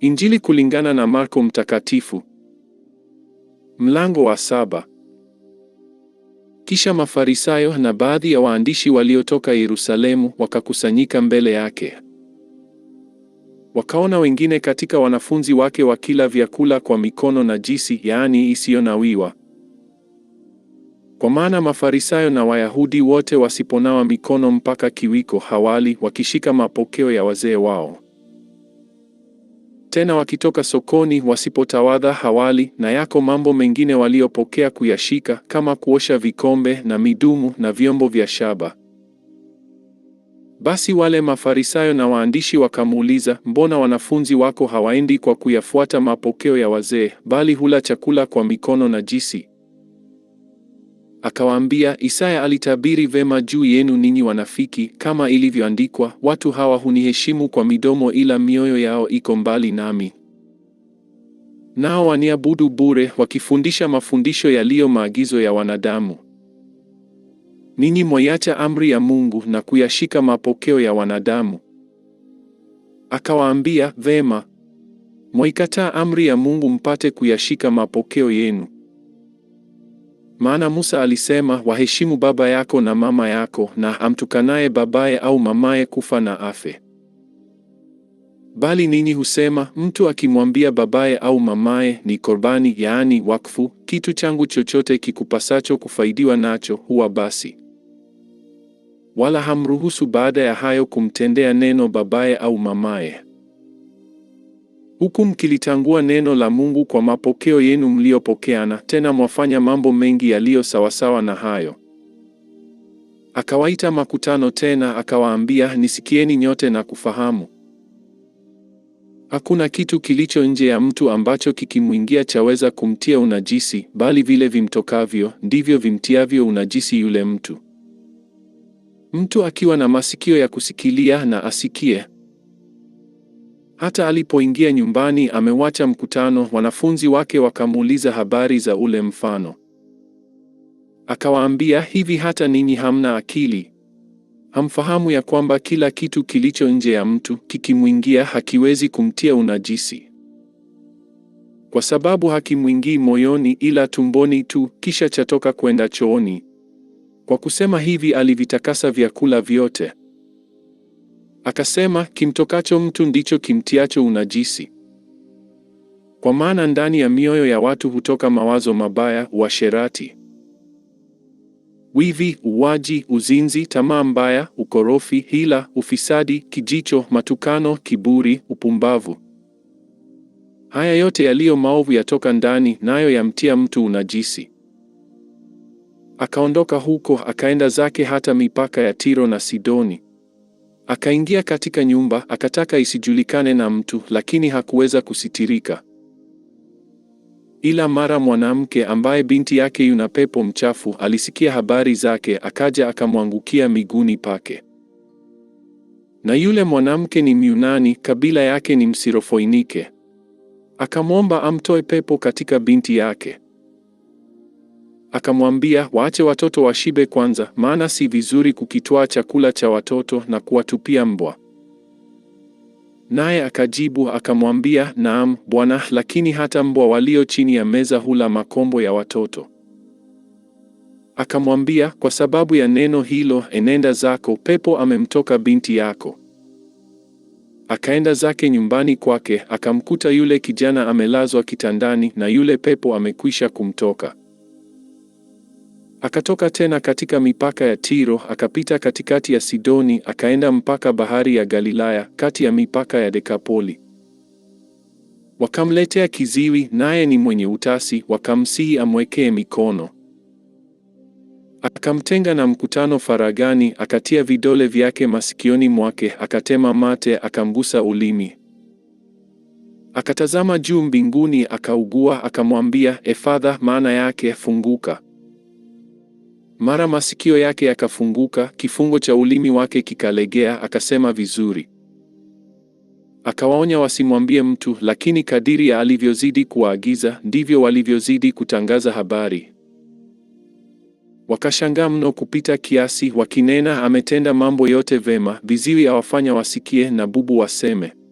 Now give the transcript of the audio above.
Injili kulingana na Marko Mtakatifu, mlango wa saba. Kisha Mafarisayo na baadhi ya waandishi waliotoka Yerusalemu wakakusanyika mbele yake. Wakaona wengine katika wanafunzi wake wakila vyakula kwa mikono na jisi yaani isiyonawiwa. Kwa maana Mafarisayo na Wayahudi wote wasiponawa mikono mpaka kiwiko hawali, wakishika mapokeo ya wazee wao. Tena wakitoka sokoni, wasipotawadha hawali, na yako mambo mengine waliopokea kuyashika, kama kuosha vikombe na midumu na vyombo vya shaba. Basi wale Mafarisayo na waandishi wakamuuliza, mbona wanafunzi wako hawaendi kwa kuyafuata mapokeo ya wazee, bali hula chakula kwa mikono najisi? Akawaambia, Isaya alitabiri vema juu yenu ninyi wanafiki, kama ilivyoandikwa, watu hawa huniheshimu kwa midomo, ila mioyo yao iko mbali nami. Nao waniabudu bure, wakifundisha mafundisho yaliyo maagizo ya wanadamu. Ninyi mwaiacha amri ya Mungu na kuyashika mapokeo ya wanadamu. Akawaambia, vema, mwaikataa amri ya Mungu mpate kuyashika mapokeo yenu. Maana Musa alisema, waheshimu baba yako na mama yako, na amtukanaye babaye au mamaye kufa na afe. Bali ninyi husema, mtu akimwambia babaye au mamaye, ni korbani, yaani wakfu, kitu changu chochote kikupasacho kufaidiwa nacho, huwa basi. Wala hamruhusu baada ya hayo kumtendea neno babaye au mamaye huku mkilitangua neno la Mungu kwa mapokeo yenu mliyopokeana, tena mwafanya mambo mengi yaliyo sawasawa na hayo. Akawaita makutano tena, akawaambia, nisikieni nyote na kufahamu. Hakuna kitu kilicho nje ya mtu ambacho kikimwingia chaweza kumtia unajisi, bali vile vimtokavyo ndivyo vimtiavyo unajisi yule mtu. Mtu akiwa na masikio ya kusikilia na asikie. Hata alipoingia nyumbani amewacha mkutano, wanafunzi wake wakamuuliza habari za ule mfano. Akawaambia, hivi hata ninyi hamna akili? Hamfahamu ya kwamba kila kitu kilicho nje ya mtu kikimwingia hakiwezi kumtia unajisi, kwa sababu hakimwingii moyoni, ila tumboni tu, kisha chatoka kwenda chooni. Kwa kusema hivi alivitakasa vyakula vyote. Akasema, kimtokacho mtu ndicho kimtiacho unajisi. Kwa maana ndani ya mioyo ya watu hutoka mawazo mabaya, uasherati, wivi, uwaji, uzinzi, tamaa mbaya, ukorofi, hila, ufisadi, kijicho, matukano, kiburi, upumbavu. Haya yote yaliyo maovu yatoka ndani, nayo yamtia mtu unajisi. Akaondoka huko akaenda zake hata mipaka ya Tiro na Sidoni. Akaingia katika nyumba, akataka isijulikane na mtu, lakini hakuweza kusitirika. Ila mara mwanamke ambaye binti yake yuna pepo mchafu alisikia habari zake, akaja akamwangukia miguuni pake. Na yule mwanamke ni Myunani, kabila yake ni Msirofoinike. Akamwomba amtoe pepo katika binti yake. Akamwambia, waache watoto washibe kwanza, maana si vizuri kukitwaa chakula cha watoto na kuwatupia mbwa. Naye akajibu akamwambia, naam Bwana, lakini hata mbwa walio chini ya meza hula makombo ya watoto. Akamwambia, kwa sababu ya neno hilo, enenda zako, pepo amemtoka binti yako. Akaenda zake nyumbani kwake, akamkuta yule kijana amelazwa kitandani, na yule pepo amekwisha kumtoka. Akatoka tena katika mipaka ya Tiro, akapita katikati ya Sidoni, akaenda mpaka bahari ya Galilaya, kati ya mipaka ya Dekapoli. Wakamletea kiziwi, naye ni mwenye utasi, wakamsihi amwekee mikono. Akamtenga na mkutano faragani, akatia vidole vyake masikioni mwake, akatema mate, akamgusa ulimi. Akatazama juu mbinguni, akaugua, akamwambia Efadha, maana yake funguka. Mara masikio yake yakafunguka, kifungo cha ulimi wake kikalegea, akasema vizuri. Akawaonya wasimwambie mtu, lakini kadiri ya alivyozidi kuwaagiza ndivyo walivyozidi kutangaza habari. Wakashangaa mno kupita kiasi, wakinena, ametenda mambo yote vema, viziwi awafanya wasikie na bubu waseme.